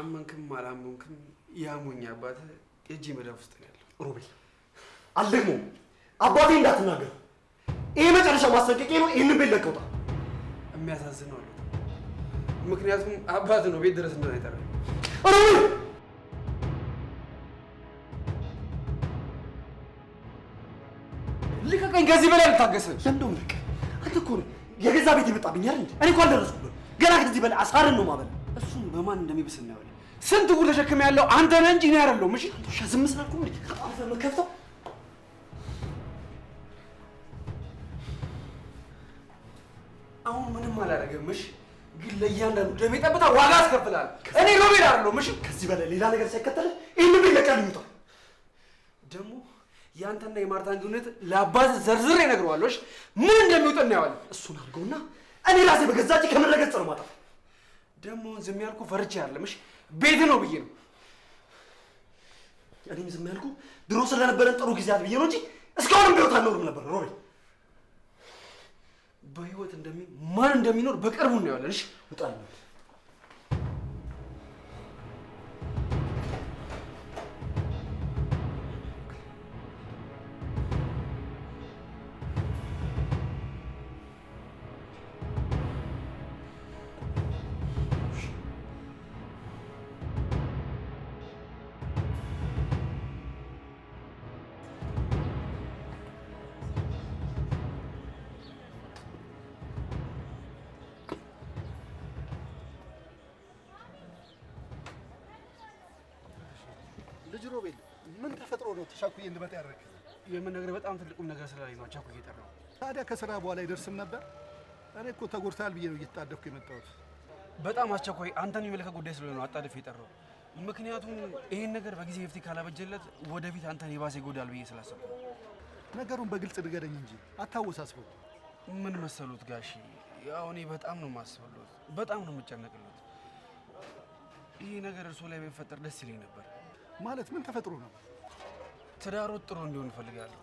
አመንክም አላመንክም ያሙኝ አባት የእጅ መዳፍ ውስጥ ነው ያለው። ሮቤል አለሞ አባቴ እንዳትናገር፣ ይሄ መጨረሻ ማስጠንቀቂያ ነው። ይህንን ቤት ለቀውጣ የሚያሳዝነው አለ። ምክንያቱም አባት ነው ቤት ድረስ እንደሆነ አይጠራም። ሮቤል ልቀቀኝ፣ ከዚህ በላይ አልታገስም። ለምደውም ልቀ አንተ እኮ ነው የገዛ ቤት ይመጣብኛል። እኔ እኮ አልደረስኩበት ገና ከዚህ በላይ አሳርን ነው ማበላ በማን እንደሚብስ እናያለን። ስንት ጉድ ተሸክሜ ያለው አንተ ነህ እንጂ እኔ አይደለሁም። እሺ አንተ ዝም ስላልኩ ነው አፈ መከፍተው አሁን ምንም አላደረገም። እሺ ግን ለእያንዳንዱ ደም ጠብታ ዋጋ አስከፍላል። እኔ ሮቤል አይደለሁም። እሺ ከዚህ በላይ ሌላ ነገር ሳይከተል ይህን ብ ይለቀል ልኝቷል ደግሞ የአንተና የማርታን ግንኙነት ለአባት ዘርዝሬ እነግረዋለሁ። እሺ ምን እንደሚውጥ እናየዋለን። እሱን አድርገውና እኔ ራሴ በገዛች ከምድረ ነው ማጠፋ ደግሞ ዝም ያልኩ ፈርቼ አይደለም። እሺ ቤት ነው ብዬ ነው እኔም ዝም ያልኩ ድሮ ስለነበረን ጥሩ ጊዜያት ብዬ ነው እንጂ እስካሁንም ቢወት አልኖርም ነበር። ሮቤ በህይወት እንደሚ ማን እንደሚኖር በቅርቡ እናየዋለን። እሺ ውጣ። ነው ድሮ ቤል ምን ተፈጥሮ ነው ተሻኩዬ እንድመጣ ያደረግህ? የምን በጣም ትልቁም ነገር ስላለኝ ነው ቻኩዬ የጠራው። ታዲያ ከስራ በኋላ አይደርስም ነበር? እኔ እኮ ተጎድተሃል ብዬ ነው እየተጣደፍኩ የመጣሁት። በጣም አስቸኳይ አንተን የሚመለከ ጉዳይ ስለሆነ ነው አጣድፍ የጠራው። ምክንያቱም ይህን ነገር በጊዜ መፍትሄ ካላበጀለት ወደፊት አንተን የባሰ ይጎዳል ብዬ ስላሰብኩ ነገሩን በግልጽ ንገረኝ እንጂ አታወሳስበው። ምን መሰሉት ጋሺ፣ ያው እኔ በጣም ነው የማስበሉት፣ በጣም ነው የምጨነቅሉት። ይህ ነገር እርሶ ላይ ቢፈጠር ደስ ይለኝ ነበር ማለት ምን ተፈጥሮ ነው? ትዳሮት ጥሩ እንዲሆን እፈልጋለሁ፣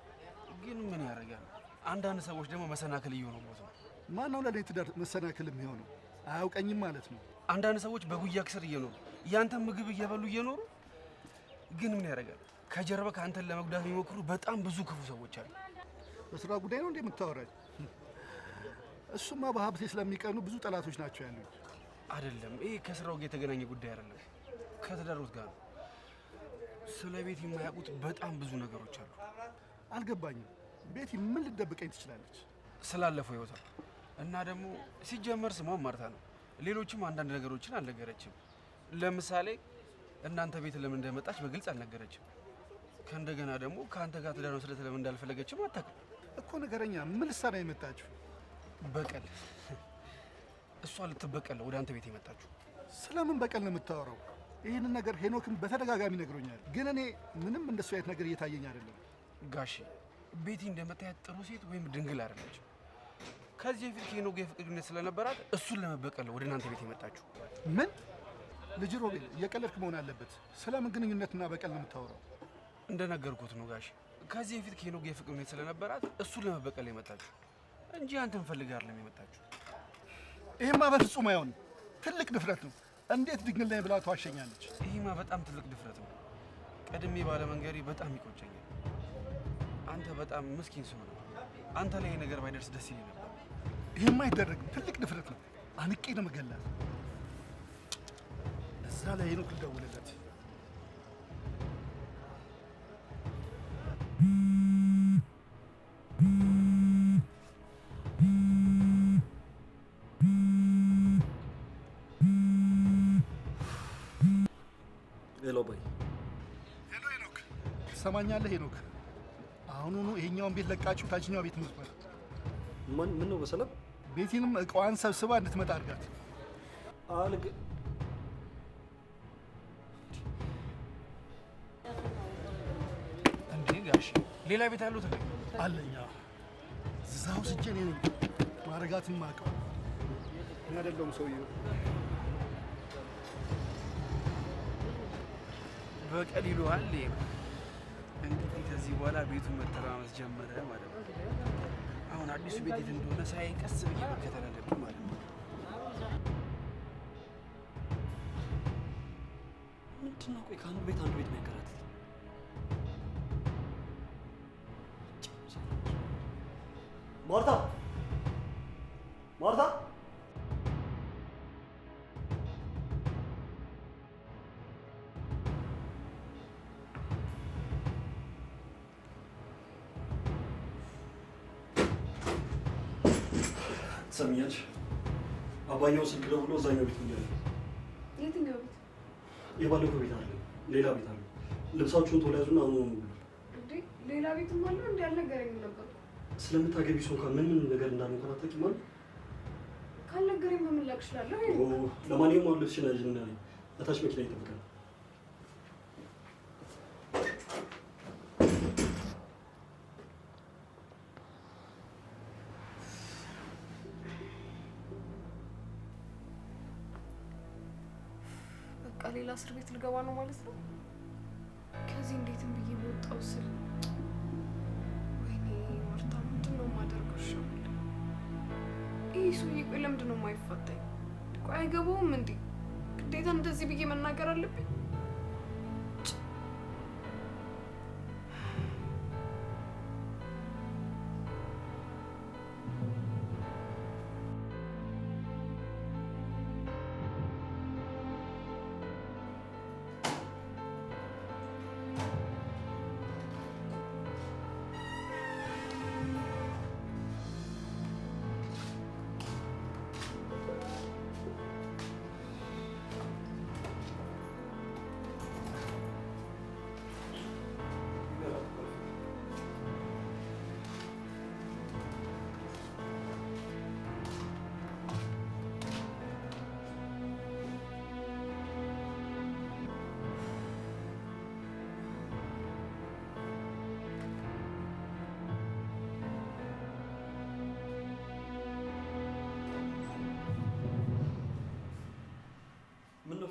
ግን ምን ያደርጋል? አንዳንድ ሰዎች ደግሞ መሰናክል እየሆኑበት ነው። ማን ነው ለእኔ ትዳር መሰናክል የሚሆነው? አያውቀኝም ማለት ነው። አንዳንድ ሰዎች በጉያ ክስር እየኖሩ ያንተን ምግብ እየበሉ እየኖሩ ግን ምን ያደርጋል? ከጀርባ ከአንተን ለመጉዳት የሚሞክሩ በጣም ብዙ ክፉ ሰዎች አሉ። በስራ ጉዳይ ነው እንደ የምታወራኝ? እሱማ በሀብቴ ስለሚቀኑ ብዙ ጠላቶች ናቸው ያሉኝ። አይደለም፣ ይሄ ከስራው ጋር የተገናኘ ጉዳይ አይደለም፣ ከትዳሮት ጋር ነው። ስለ ቤት የማያውቁት በጣም ብዙ ነገሮች አሉ። አልገባኝም። ቤት ምን ልደብቀኝ ትችላለች? ስላለፈው ህይወታ እና ደግሞ ሲጀመር ስሟን ማርታ ነው። ሌሎችም አንዳንድ ነገሮችን አልነገረችም። ለምሳሌ እናንተ ቤት ለምን እንደመጣች በግልጽ አልነገረችም። ከእንደገና ደግሞ ከአንተ ጋር ትዳር መስረት ለምን እንዳልፈለገችም አታውቅም እኮ ነገረኛ። ምን ልትሰራ የመጣችሁ? በቀል። እሷ ልትበቀል ወደ አንተ ቤት የመጣችሁ። ስለምን በቀል ነው የምታወራው? ይህንን ነገር ሄኖክም በተደጋጋሚ ነግሮኛል። ግን እኔ ምንም እንደሱ አይነት ነገር እየታየኝ አይደለም። ጋሺ ቤቲ እንደምታያት ጥሩ ሴት ወይም ድንግል አይደለችም። ከዚህ በፊት ከሄኖክ የፍቅርነት ስለነበራት እሱን ለመበቀል ወደ እናንተ ቤት የመጣችሁ። ምን ልጅ ሮቤል፣ የቀለድክ መሆን አለበት። ስለምን ግንኙነትና በቀል ነው የምታወራው? እንደነገርኩት ነው ጋሺ። ከዚህ በፊት ከሄኖክ የፍቅድነት ስለነበራት እሱን ለመበቀል የመጣችሁ እንጂ አንተን ፈልጋ አይደለም የመጣችሁ። ይሄማ በፍጹም አይሆንም። ትልቅ ድፍረት ነው። እንዴት ድንግል ነኝ ብላ ተዋሸኛለች ይሄማ በጣም ትልቅ ድፍረት ነው። ቀድሜ ባለመንገሬ በጣም ይቆጨኛል። አንተ በጣም ምስኪን ሰው ነው። አንተ ላይ ነገር ባይደርስ ደስ ይለኝ ነበር። ይህማ አይደረግም። ትልቅ ድፍረት ነው። አንቄ ነው መገላት። እዛ ላይ ነው ልደውልለት ትሰማኛለህ ሄኖክ? አሁኑኑ ይሄኛውን ቤት ለቃችሁ ታችኛው ቤት ምትበር። ምን ምን ነው በሰላም ቤቲንም እቃዋን ሰብስባ እንድትመጣ አድርጋት። አልግ እንዴ ጋሽ ሌላ ቤት አሉት አለኛ እዛው ስጄ ነኝ ማረጋትን ማቀው እኔ አይደለሁም ሰውዬው። በቀል ይሉሃል። ከዚህ በኋላ ቤቱን መተራመስ ጀመረ ማለት ነው። አሁን አዲሱ ቤት የት እንደሆነ ሳይ ቀስ ብዬ መከተል አለብኝ ማለት ነው። ምንድን ነው ቆይ ከአንዱ ቤት አንዱ ቤት የሚያንከራትት ማርታ ማርታ ያገኛች አባያው ስልክ ደውሎ እዛኛው ቤት እንዲያለ የትኛው ቤት? የባለፈው ቤት አለ፣ ሌላ ቤት አለ። ልብሳችሁን ቶሎ ያዙና አሁኑ ነው። ሌላ ቤትም አለ እንዴ? አልነገረኝም ነበር። ስለምታገቢ ሰው ጋር ምን ምን ነገር እንዳለ እንኳን አታውቂም ማለት ካልነገረኝ በምን ላውቅ ለማንኛውም አሁን ልብስሽን እታች መኪና ሌላ እስር ቤት ልገባ ነው ማለት ነው። ከዚህ እንዴትም ብዬ ወጣው ስል ወይኔ ማርታ፣ ምንድን ነው የማደርገው? ሻል ይህ ሰውዬ። ቆይ ለምንድን ነው የማይፋታኝ? ቆይ አይገባውም እንዴ? ግዴታ እንደዚህ ብዬ መናገር አለብኝ?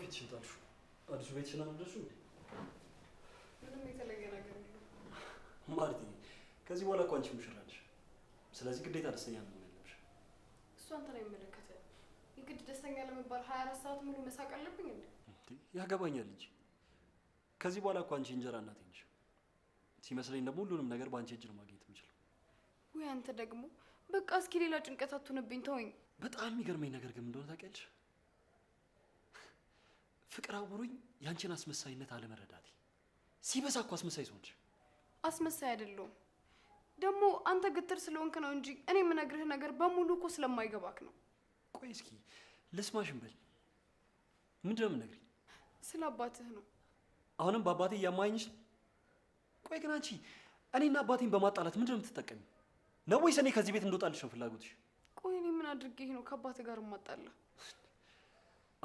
ቤትሽን አዲሱ ቤትሽን አልደሽው እንዴ? ምንም የተለየ ነገር ማርቲ፣ ከዚህ በኋላ እኮ አንቺ ሙሽራ ነሽ። ስለዚህ ግዴታ ደስተኛ ነው መሆን ያለብሽ። እሱ አንተ ነው የሚመለከተው። የግድ ደስተኛ ለመባል ሀያ አራት ሰዓት ሙሉ መሳቅ አለብኝ እንዴ? ያገባኛል እንጂ ከዚህ በኋላ እኮ አንቺ እንጀራ እናቴ ነሽ። ሲመስለኝ ደግሞ ሁሉንም ነገር በአንቺ እጅ ነው ማግኘት የምችለው። ወይ አንተ ደግሞ በቃ እስኪ ሌላ ጭንቀት አትሆንብኝ፣ ተወኝ። በጣም የሚገርመኝ ነገር ግን እንደሆነ ታውቂያለሽ ፍቅር አውሮኝ ያንቺን አስመሳይነት አለመረዳት ሲበዛ እኮ አስመሳይ ሰውንች። አስመሳይ አይደለሁም። ደግሞ አንተ ግትር ስለሆንክ ነው እንጂ እኔ የምነግርህ ነገር በሙሉ እኮ ስለማይገባክ ነው። ቆይ እስኪ ልስማሽን በል። ምንድን ነው የምነግሪኝ? ስለ አባትህ ነው። አሁንም በአባቴ እያማኝሽ? ቆይ ግን አንቺ እኔና አባቴን በማጣላት ምንድን ነው የምትጠቀሚው? ነው ወይስ እኔ ከዚህ ቤት እንደወጣልሽ ነው ፍላጎትሽ? ቆይ እኔ ምን አድርጌ ነው ከአባትህ ጋር ማጣላ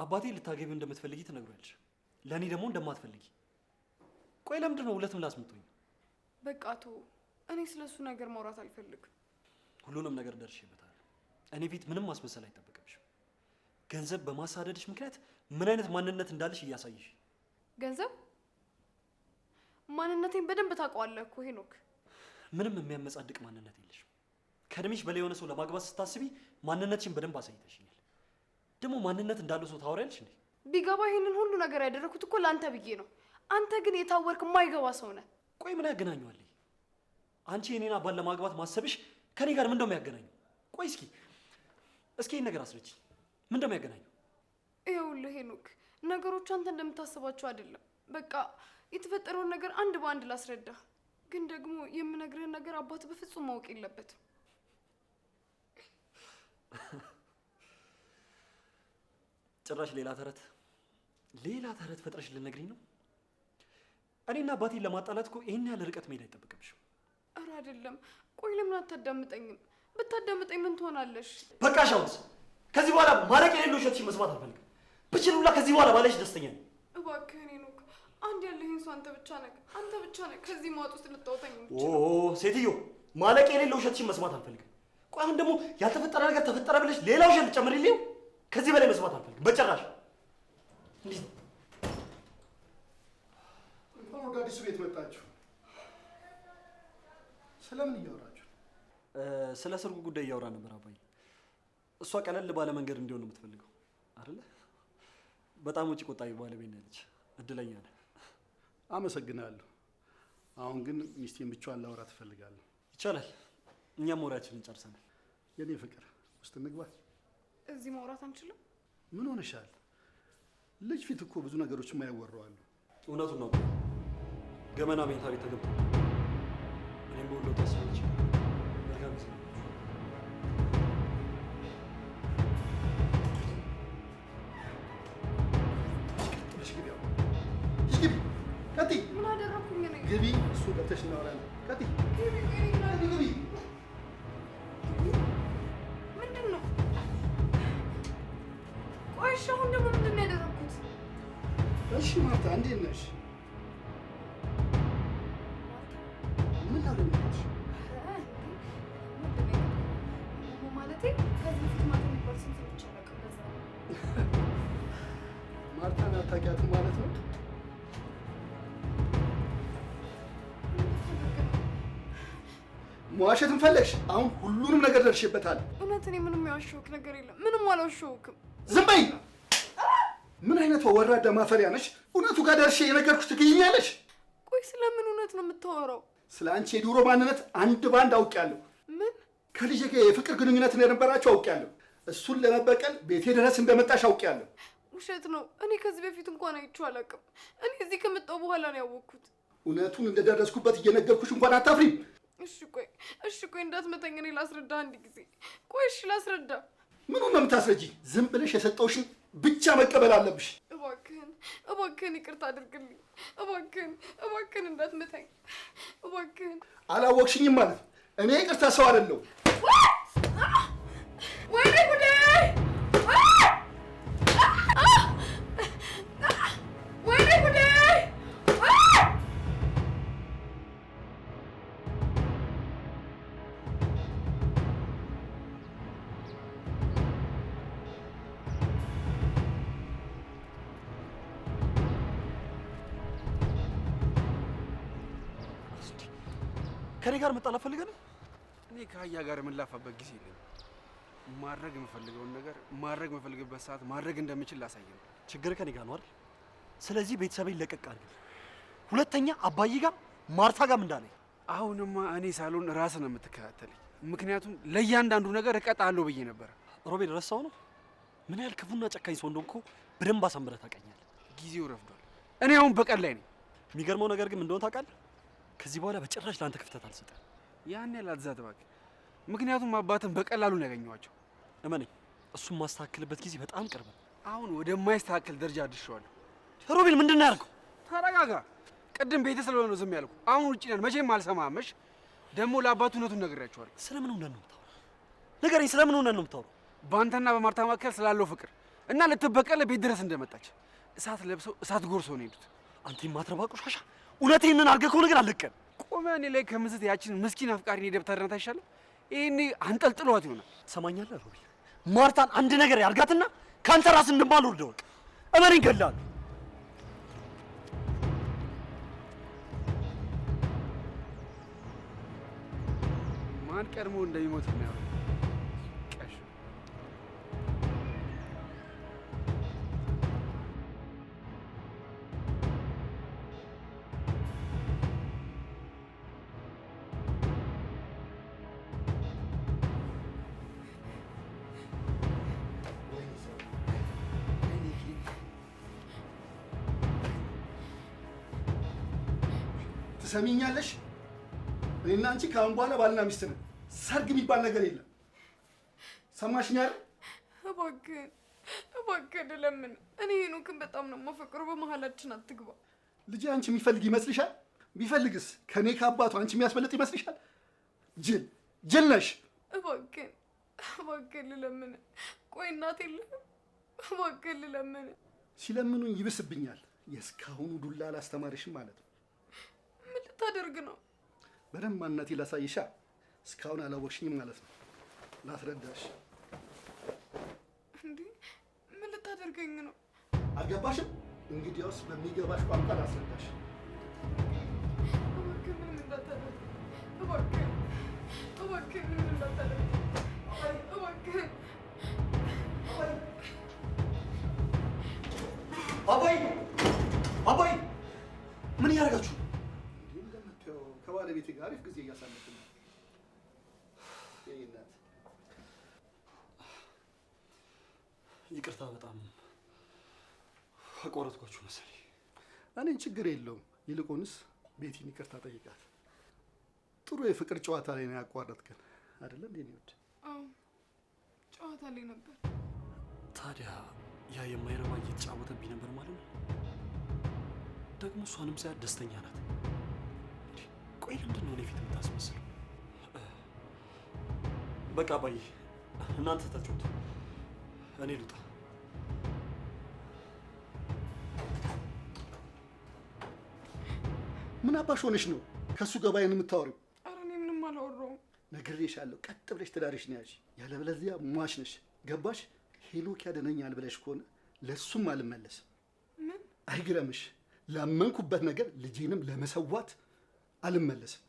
አባቴ ልታገቢው እንደምትፈልጊ ትነግሯለች፣ ለእኔ ደግሞ እንደማትፈልጊ። ቆይ ለምንድን ነው ሁለት ምላስ የምትሆኝ? በቃ አቶ፣ እኔ ስለ እሱ ነገር ማውራት አልፈልግም። ሁሉንም ነገር ደርሼበታል። እኔ ፊት ምንም ማስመሰል አይጠበቅብሽም። ገንዘብ በማሳደድሽ ምክንያት ምን አይነት ማንነት እንዳለሽ እያሳየሽ ገንዘብ ማንነቴን በደንብ ታውቀዋለህ እኮ ሄኖክ። ምንም የሚያመጻድቅ ማንነት የለሽም። ከእድሜሽ በላይ የሆነ ሰው ለማግባት ስታስቢ ማንነትሽን በደንብ አሳይተሽኛል። ደግሞ ማንነት እንዳለው ሰው ታወሪያለሽ እንዴ? ቢገባ ይሄንን ሁሉ ነገር ያደረኩት እኮ ለአንተ ብዬ ነው። አንተ ግን የታወርክ የማይገባ ሰው ነህ። ቆይ ምን ያገናኘዋል? አንቺ የኔን አባል ለማግባት ማሰብሽ ከኔ ጋር ምን እንደሚያገናኙ? ቆይ እስኪ እስኪ ይህን ነገር አስረጅ። ምን እንደሚያገናኙ? ይኸውልህ ሄኖክ፣ ነገሮቹ አንተ እንደምታስባቸው አይደለም። በቃ የተፈጠረውን ነገር አንድ በአንድ ላስረዳ፣ ግን ደግሞ የምነግርህን ነገር አባት በፍጹም ማወቅ የለበትም። ጭራሽ ሌላ ተረት ሌላ ተረት ፈጥረሽ ልነግሪኝ ነው? እኔና አባቴን ለማጣላት እኮ ይህን ያህል ርቀት መሄድ አይጠበቅብሽም። እረ አይደለም። ቆይ ለምን አታዳምጠኝም? ብታዳምጠኝ ምን ትሆናለሽ? በቃሽ። አሁንስ ከዚህ በኋላ ማለቅ የሌለው ውሸትሽን መስማት አልፈልግም። ብችል ሁላ ከዚህ በኋላ ባለሽ ደስተኛ ነኝ። እባክህ ሄኖክ፣ አንድ ያለህን ሰው አንተ ብቻ ነህ። አንተ ብቻ ነህ ከዚህ ማጥ ውስጥ ልታወጣኝ የምችለው። ሴትዮ ማለቅ የሌለው ውሸትሽን መስማት አልፈልግም። ቆይ አሁን ደግሞ ያልተፈጠረ ነገር ተፈጠረ ብለሽ ሌላ ውሸት ልጨምርልኝ ከዚህ በላይ መስማት አልፈልግም በጭራሽ። እንኳን ወደ አዲሱ ቤት መጣችሁ። ስለምን እያወራችሁ? ስለ ሰርጉ ጉዳይ እያወራ ነበር አባዬ። እሷ ቀለል ባለ መንገድ እንዲሆን ነው የምትፈልገው አይደለ? በጣም ውጭ ቆጣቢ ባለቤት ነች። እድለኛ ነህ። አመሰግናለሁ። አሁን ግን ሚስቴን ብቻዋን ላወራ ትፈልጋለሁ። ይቻላል። እኛም ወሬያችንን ጨርሰናል። የኔ ፍቅር ውስጥ እንግባ። እዚህ ማውራት አንችልም? ምን ሆነሻል? ልጅ ፊት እኮ ብዙ ነገሮች የማያወራዋሉ። እውነቱን ነው። ገመና መኝታ ቤት ተገብቶ እኔም በወሎ ተስፋች መልካም ጊዜ ምን አደረኩኝ? ግቢ። እሱ ገብተሽ እናወራለን። የመጣሁት። እሺ ማርታ፣ እንዴት ነሽ? ምን አገኘሽ? ማለቴ ከዚህ በፊት ማታ የሚባል ስም ሰምቼ አላውቅም። በዛ ማርታን አታውቂያትም ማለት ነው? መዋሸትን ፈለግሽ? አሁን ሁሉንም ነገር ደርሼበታል። እውነት እኔ ምንም የዋሸሁክ ነገር የለም። ምንም አላዋሸሁክም። ዝም በይ። ምን አይነት ወራዳ ማፈሪያ ነሽ? እውነቱ ጋር ደርሼ የነገርኩሽ ትገኛለሽ። ቆይ ስለምን እውነት ነው የምታወራው? ስለ አንቺ የድሮ ማንነት አንድ ባንድ አውቄያለሁ። ምን? ከልጄ ጋር የፍቅር ግንኙነት እንደነበራቸው አውቄያለሁ። እሱን ለመበቀል ቤቴ ድረስ እንደመጣሽ አውቄያለሁ። ውሸት ነው። እኔ ከዚህ በፊት እንኳን አይቼው አላውቅም። እኔ እዚህ ከመጣሁ በኋላ ነው ያወቅኩት። እውነቱን እንደደረስኩበት እየነገርኩሽ እንኳን አታፍሪም። እሺ ቆይ እሺ ቆይ እንዳትመታኝ፣ እኔ ላስረዳ አንድ ጊዜ። ቆይ እሺ ላስረዳ። ምኑን ነው የምታስረጂ? ዝም ብለሽ የሰጠውሽን ብቻ መቀበል አለብሽ። እባክህን እባክህን ይቅርታ አድርግልኝ። እባክህን እባክህን እንዳትመታኝ። እባክህን አላወቅሽኝም ማለት እኔ ይቅርታ ሰው አይደለሁም ወይ ከኔ ጋር መጣላት ፈልገህ ነው? እኔ ከአህያ ጋር የምንላፋበት ጊዜ የለኝም። ማድረግ የምፈልገውን ነገር ማድረግ የምፈልግበት ሰዓት ማድረግ እንደምችል ላሳየ ነው። ችግር ከኔ ጋር ነው አይደል? ስለዚህ ቤተሰቤን ለቀቅ አድርግ። ሁለተኛ አባዬ ጋር ማርታ ጋር እንዳለኝ። አሁንማ እኔ ሳሎን ራስ ነው የምትከታተለኝ። ምክንያቱም ለእያንዳንዱ ነገር እቀጣለሁ ብዬ ነበር። ሮቤል ረሳው ነው ምን ያህል ክፉና ጨካኝ ሰው እንደሆንኩ በደንብ አሳምረህ ታውቃኛለህ። ጊዜው ረፍዷል። እኔ አሁን በቀን ላይ ነኝ። የሚገርመው ነገር ግን እንደሆነ ታውቃለህ ከዚህ በኋላ በጭራሽ ለአንተ ክፍተት አልሰጠ። ያን ያህል አትዛት እባክህ። ምክንያቱም አባትን በቀላሉ ነው ያገኘኋቸው። እመነኝ፣ እሱም ማስተካከልበት ጊዜ በጣም ቅርብ ነው። አሁን ወደማይስተካከል ደረጃ አድርሼዋለሁ። ሮቤል ምንድን ነው ያልከው? ተረጋጋ። ቅድም ቤተ ስለሆነ ነው ዝም ያልኩ። አሁን ውጭ ነን፣ መቼም አልሰማህም። እሺ ደግሞ ለአባቱ እውነቱን ነግሬያቸዋለሁ። ስለምን እውነት ነው የምታወራው? ንገረኝ፣ ስለምን እውነት ነው የምታወራው? በአንተና በማርታ መካከል ስላለው ፍቅር እና ልትበቀለ ቤት ድረስ እንደመጣች እሳት ለብሰው እሳት ጎርሰው ነው የሄዱት። አንተ የማትረባ ቆሻሻ እውነት ይህንን አድርገህ ከሆነ ግን አለቀን። ቆመህ እኔ ላይ ከምዝት ያችን ምስኪን አፍቃሪ እኔ ደብተር ናት አይሻልም? ይሄኔ አንጠልጥሏት ይሆናል። ትሰማኛለህ ሮቤል? ማርታን አንድ ነገር ያርጋትና ከአንተ ራስ እንድማል ወርደ ወቅ እመን ይገላሉ። ማን ቀድሞ እንደሚሞት ነው ትሰሚኛለሽ? እኔና አንቺ ከአሁን በኋላ ባልና ሚስት ነን። ሰርግ የሚባል ነገር የለም። ሰማሽኝ አይደል? እባክህን እባክህን ለምን እኔ ሄኖክን በጣም ነው የማፈቅረው። በመሀላችን አትግባ። ልጄ አንቺ የሚፈልግ ይመስልሻል? ቢፈልግስ ከእኔ ከአባቱ አንቺ የሚያስበልጥ ይመስልሻል? ጅል ጅል ነሽ። እባክህን እባክህን ልለምን። ቆይ እናት የለም። እባክህን ልለምን። ሲለምኑኝ ይብስብኛል። የእስካሁኑ ዱላ አላስተማርሽም ማለት ነው። ምን ልታደርግ ነው? በደንብ ማንነቴ ላሳይሻ። እስካሁን አላወቅሽኝም ማለት ነው። ላስረዳሽ። እንዴ ምን ልታደርገኝ ነው? አልገባሽም? እንግዲያውስ በሚገባሽ ቋንቋ ላስረዳሽ። አባይ አባይ፣ ምን እያደረጋችሁ ከባለቤቴ ጋር አሪፍ ጊዜ እያሳለፍኩ ነው። ይናት ይቅርታ፣ በጣም አቋረጥኳችሁ መሰለኝ። እኔን ችግር የለውም። ይልቁንስ ቤቲን ይቅርታ ጠይቃት። ጥሩ የፍቅር ጨዋታ ላይ ነው ያቋረጥከን አይደለም? እንዴ ነው ጨዋታ ላይ ነበር። ታዲያ ያ የማይረባ እየተጫወተብኝ ነበር ማለት ነው። ደግሞ እሷንም ሳያት ደስተኛ ናት። ቆይ ለምንድን ነው ፊት የምታስመስል? በቃ ባይ እናንተ ተጫወቱ፣ እኔ ልውጣ። ምን አባሽ ሆነሽ ነው ከእሱ ገባዬን የምታወሪው? ኧረ እኔ ምንም አላወራሁም። ነግሬሻለሁ፣ ቀጥ ብለሽ ትዳርሽ ነው ያዥ፣ ያለበለዚያ ሟች ነሽ። ገባሽ? ሄኖክ ያደነኛል ብለሽ ከሆነ ለእሱም አልመለስም። ምን አይግረምሽ፣ ላመንኩበት ነገር ልጄንም ለመሰዋት አልመለስም።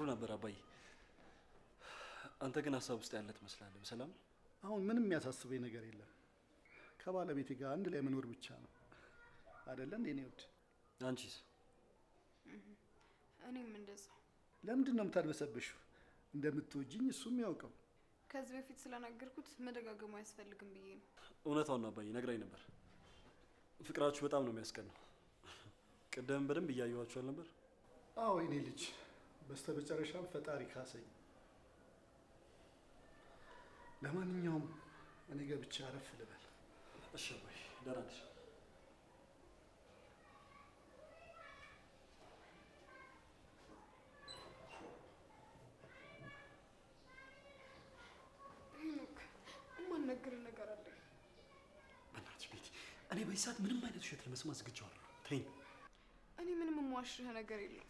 ጥሩ ነበር አባዬ። አንተ ግን ሀሳብ ውስጥ ያለ ትመስላለህ። ሰላም አሁን ምንም የሚያሳስበኝ ነገር የለም። ከባለቤቴ ጋር አንድ ላይ መኖር ብቻ ነው አይደለ እንዴ? እኔ ውድ፣ አንቺስ? እኔም እንደዛ። ለምንድን ነው የምታድበሰብሽው? እንደምትወጅኝ እሱም ያውቀው። ከዚህ በፊት ስለነገርኩት መደጋገሙ አያስፈልግም ብዬ ነው። እውነቷን አባዬ ነግራኝ ነበር። ፍቅራችሁ በጣም ነው የሚያስቀናው። ቅደም በደንብ እያየኋችሁ አልነበር? አዎ የኔ ልጅ በስተመጨረሻም ፈጣሪ ካሰኝ። ለማንኛውም እኔ ገብቼ አረፍ ልበል። እሺ ወይ ደህና ነሽ? የማናግር ነገር አለ። በእናትሽ ቤቲ፣ እኔ በዚህ ሰዓት ምንም አይነት ውሸት ለመስማት ዝግጁ አለ። ተይኝ። እኔ ምንም የማዋሽህ ነገር የለም።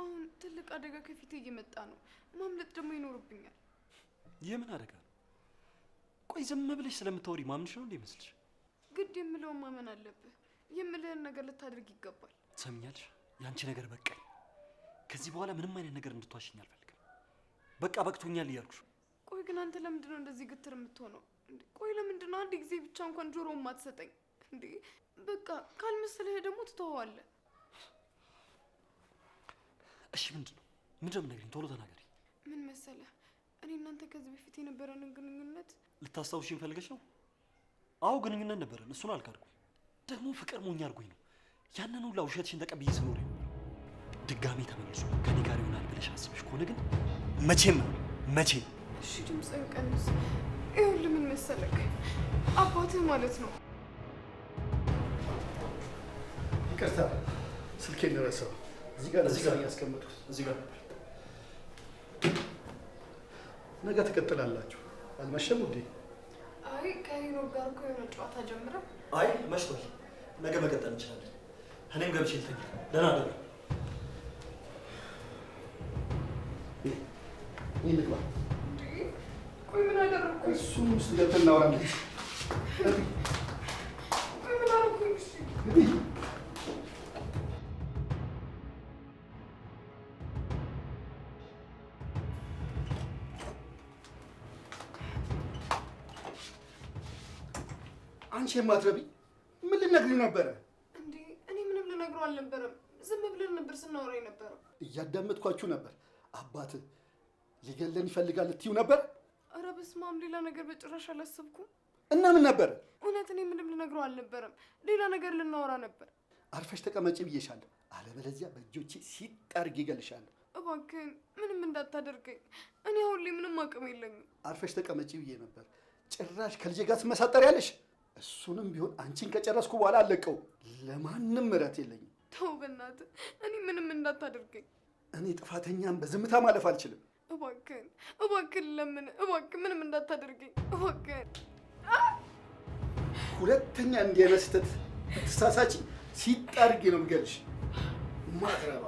አሁን ትልቅ አደጋ ከፊት እየመጣ ነው። ማምለጥ ደግሞ ይኖርብኛል። የምን አደጋ ነው? ቆይ ዝም ብለሽ ስለምታወሪ ማምንሽ ነው እንዲመስልሽ? ግድ የምለውን ማመን አለብህ። የምልህን ነገር ልታደርግ ይገባል። ትሰምኛለሽ? የአንቺ ነገር በቃኝ። ከዚህ በኋላ ምንም አይነት ነገር እንድትዋሽኝ አልፈልግም። በቃ በቅቶኛል እያልኩሽ። ቆይ ግን አንተ ለምንድነው እንደዚህ ግትር የምትሆነው? ቆይ ለምንድነው አንድ ጊዜ ብቻ እንኳን ጆሮውን ማትሰጠኝ? እንዴ በቃ ካልመሰለህ ደግሞ ትተዋዋለህ። እሺ ምንድን ነው ምንድን ነው የምትነግሪኝ? ቶሎ ተናገሪ። ምን መሰለ እኔ እናንተ ከዚህ በፊት የነበረንን ግንኙነት ልታስታውሽኝ ፈልገሽ ነው? አዎ ግንኙነት ነበረን፣ እሱን አልካድኩም። ደግሞ ፍቅር ሞኝ አድርጎኝ ነው ያንን ሁላ ውሸትሽን ተቀብዬ ስኖር ነበር። ድጋሜ ተመለሱ ከኔ ጋር ይሆናል ብለሽ አስበሽ ከሆነ ግን መቼም መቼም። እሺ ድምፅህን ቀንስ። ይኸውልህ ምን መሰለህ፣ አባትህ ማለት ነው። ይቅርታ ስልኬን ረሳሁ። ነገ ትቀጥላላችሁ። አልመሸም ውዴ? አይ ከሄኖክ ጋር እኮ የሆነ ጨዋታ አይ መሽቷል፣ ነገ መቀጠል እንችላለን። እኔም ገብቼ ልተኛ። ደህና ደሩ። ይህ ንግባ። ቆይ ምን አደረኩ? እሱም ውስጥ እናወራለን። አንቺ የማትረቢ ምን ልነግሪው ነበረ እንዴ? እኔ ምንም ልነግረው አልነበረም። ዝም ብለን ነበር ስናወራ የነበረው። እያዳመጥኳችሁ ነበር። አባት ሊገለን ይፈልጋል ትዩ ነበር። ኧረ በስመ አብ! ሌላ ነገር በጭራሽ አላሰብኩም። እና ምን ነበር እውነት እኔ ምንም ልነግረው አልነበረም። ሌላ ነገር ልናወራ ነበር። አርፈሽ ተቀመጪ ብዬሻለሁ። አለበለዚያ በእጆቼ ሲጠርግ ይገልሻለሁ። እባክህን ምንም እንዳታደርገኝ። እኔ አሁን ላይ ምንም አቅም የለኝም። አርፈሽ ተቀመጪ ብዬ ነበር። ጭራሽ ከልጄ ጋር ትመሳጠሪያለሽ። እሱንም ቢሆን አንቺን ከጨረስኩ በኋላ አለቀው። ለማንም ምሕረት የለኝም። ተው በእናትህ፣ እኔ ምንም እንዳታደርገኝ። እኔ ጥፋተኛም በዝምታ ማለፍ አልችልም። እባክህን፣ እባክህን፣ ለምን እባክህ፣ ምንም እንዳታደርገኝ እባክህን። ሁለተኛ እንዲህ ዓይነት ስህተት ትሳሳች ሲጣርጌ ነው የምገልሽ ማትረባ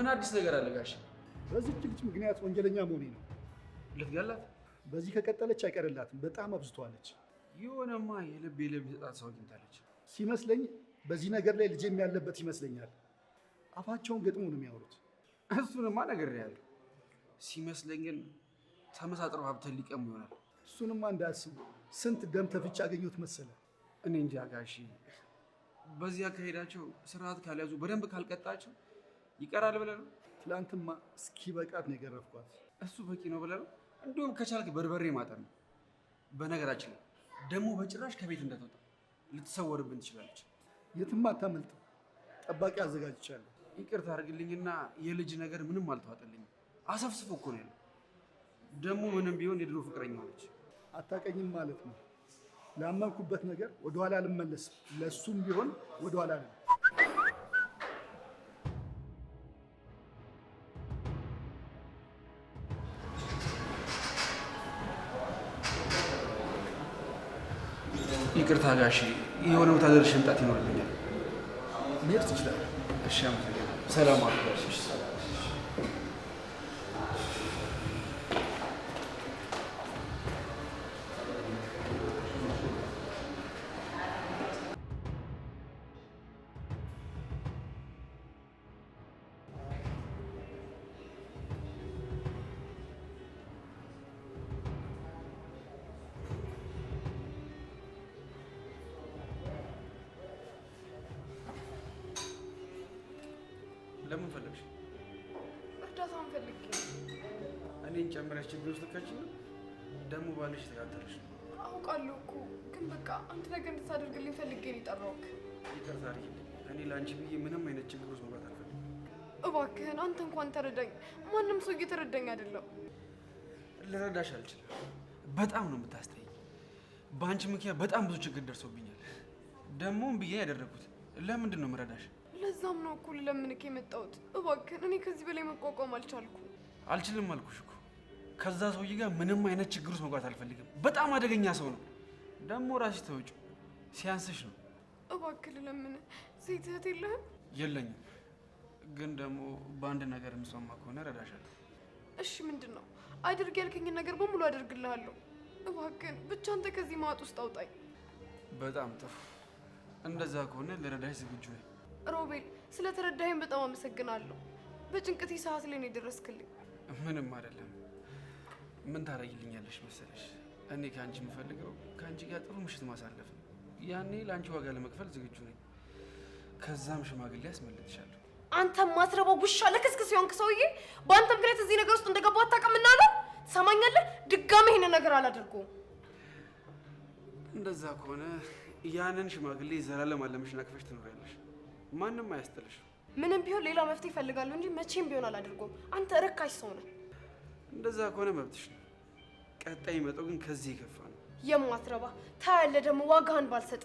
ምን አዲስ ነገር አለ ጋሽ? በዚች ልጅ ምክንያት ወንጀለኛ መሆኔ ነው። ልትገላት? በዚህ ከቀጠለች አይቀርላትም። በጣም አብዝቷለች። የሆነማ የልብ የልብ የሰጣት ሰው አግኝታለች ሲመስለኝ። በዚህ ነገር ላይ ልጄም ያለበት ይመስለኛል። አፋቸውን ገጥሞ ነው የሚያወሩት። እሱንማ ነገር ነግሬሃለሁ። ሲመስለኝ ግን ተመሳጥረው ሀብተን ሊቀሙ ይሆናል። እሱንማ እንዳያስቡ። ስንት ደም ተፍቼ አገኘሁት መሰለ። እኔ እንጃ ጋሽ፣ በዚህ አካሄዳቸው ስርዓት ካልያዙ በደንብ ካልቀጣቸው ይቀራል ብለህ ነው? ትላንትማ እስኪ በቃት ነው የገረፍኳት። እሱ በቂ ነው ብለህ ነው? እንዲሁም ከቻልክ በርበሬ ማጠር ነው። በነገራችን ላይ ደግሞ በጭራሽ ከቤት እንዳትወጣ ልትሰወርብን ትችላለች። የትም አታመልጥም። ጠባቂ አዘጋጅቻለሁ። ይቅርታ አድርግልኝና የልጅ ነገር ምንም አልተዋጠልኝም። አሰፍስፎ እኮ ነው ያለው። ደግሞ ምንም ቢሆን የድሮ ፍቅረኛ ሆነች። አታቀኝም ማለት ነው። ላመንኩበት ነገር ወደኋላ አልመለስም። ለእሱም ቢሆን ወደኋላ ነው። ጋሺ የሆነ ቦታ ደርሼ መምጣት ይኖርብኛል። መሄድ ትችላለህ። ሰላም አክበር ለምን ፈለግሽ? እርዳታውን ፈልግ። እኔን ጨምረሽ ችግር ውስጥ ከች ደግሞ ባልሽ ተካተለሽ አውቃለሁ እኮ ግን በቃ አንድ ነገር እንድታደርግልኝ ፈልጌ ነው የጠራሁት። ይቅርታ እኔ ለአንቺ ብዬ ምንም አይነት ችግር ውስጥ መግባት አልፈልግም። እባክህን አንተ እንኳን ተረዳኝ። ማንም ሰው እየተረዳኝ አይደለም። ልረዳሽ አልችልም። በጣም ነው የምታስተይኝ። በአንቺ ምክንያት በጣም ብዙ ችግር ደርሶብኛል። ደግሞም ብዬ ያደረግኩት ለምንድን ነው የምረዳሽ? ለዛም ነው እኮ ልለምንክ የመጣሁት። እባክህን፣ እኔ ከዚህ በላይ መቋቋም አልቻልኩ። አልችልም አልኩሽ እኮ። ከዛ ሰውዬ ጋር ምንም አይነት ችግር ውስጥ መግባት አልፈልግም። በጣም አደገኛ ሰው ነው። ደግሞ ራስሽ ተውጪው፣ ሲያንስሽ ነው። እባክህ ልለምን፣ ሴት እህት የለህም? የለኝም፣ ግን ደግሞ በአንድ ነገር የምስማማ ከሆነ እረዳሻለሁ። እሺ፣ ምንድን ነው? አድርግ ያልከኝን ነገር በሙሉ አድርግልሃለሁ። እባክን ብቻ አንተ ከዚህ ማጥ ውስጥ አውጣኝ። በጣም ጥሩ። እንደዛ ከሆነ ልረዳሽ ዝግጁ ነኝ። ሮቤል ስለተረዳኸኝ በጣም አመሰግናለሁ። በጭንቀቴ ሰዓት ላይ ነው የደረስክልኝ። ምንም አይደለም። ምን ታረጊልኛለሽ መሰለሽ፣ እኔ ከአንቺ የምፈልገው ከአንቺ ጋር ጥሩ ምሽት ማሳለፍ ነው። ያኔ ለአንቺ ዋጋ ለመክፈል ዝግጁ ነኝ። ከዛም ሽማግሌ አስመልጥሻለሁ። አንተ ማትረባው ውሻ ለክስክስ የሆንክ ሰውዬ፣ በአንተ ምክንያት እዚህ ነገር ውስጥ እንደገባሁ አታውቅም። እናለው ትሰማኛለህ? ድጋሜ ይሄንን ነገር አላደርገውም። እንደዛ ከሆነ ያንን ሽማግሌ ዘላለም አለመሽናቅፈሽ ትኖሪያለሽ። ማንም አያስጥልሽ። ምንም ቢሆን ሌላ መፍትሄ እፈልጋለሁ እንጂ መቼም ቢሆን አላደርጎም። አንተ እረካሽ ሰው ነህ። እንደዛ ከሆነ መብትሽ ነው። ቀጣይ መጠው ግን ከዚህ የከፋ ነው። የማትረባ ታያለ ደግሞ ዋጋህን ባልሰጠ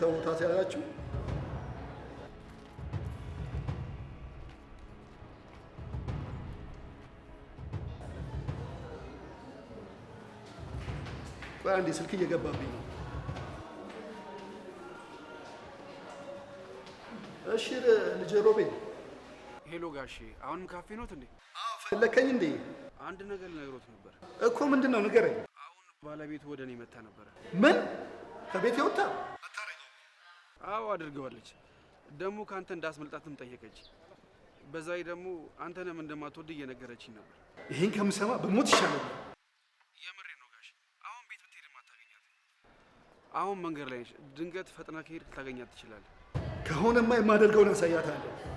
ተው ታስያዛችሁ። ቆይ አንዴ ስልክ እየገባብኝ ነው። እሺ ልጄ ሮቤል። ሄሎ ጋሼ፣ አሁንም ካፌ ነው እንዴ? ፈለከኝ እንዴ? አንድ ነገር ልነግሮት ነበር እኮ። ምንድን ነው ንገረኝ። አሁን ባለቤቱ ወደ እኔ መታ ነበረ። ምን? ከቤት የወጣ አዎ አድርገዋለች። ደግሞ ከአንተ እንዳስመልጣትም ጠየቀች። በዛ ደግሞ አንተንም እንደማትወድ እየነገረችኝ ነበር። ይህን ከምሰማ በሞት ይሻላል። የምሬ ነው ጋሽ። አሁን ቤት ብትሄድም አታገኛት። አሁን መንገድ ላይ ነች። ድንገት ፈጥና ከሄድ ታገኛት ትችላለህ። ከሆነማ የማደርገውን አሳያታለሁ።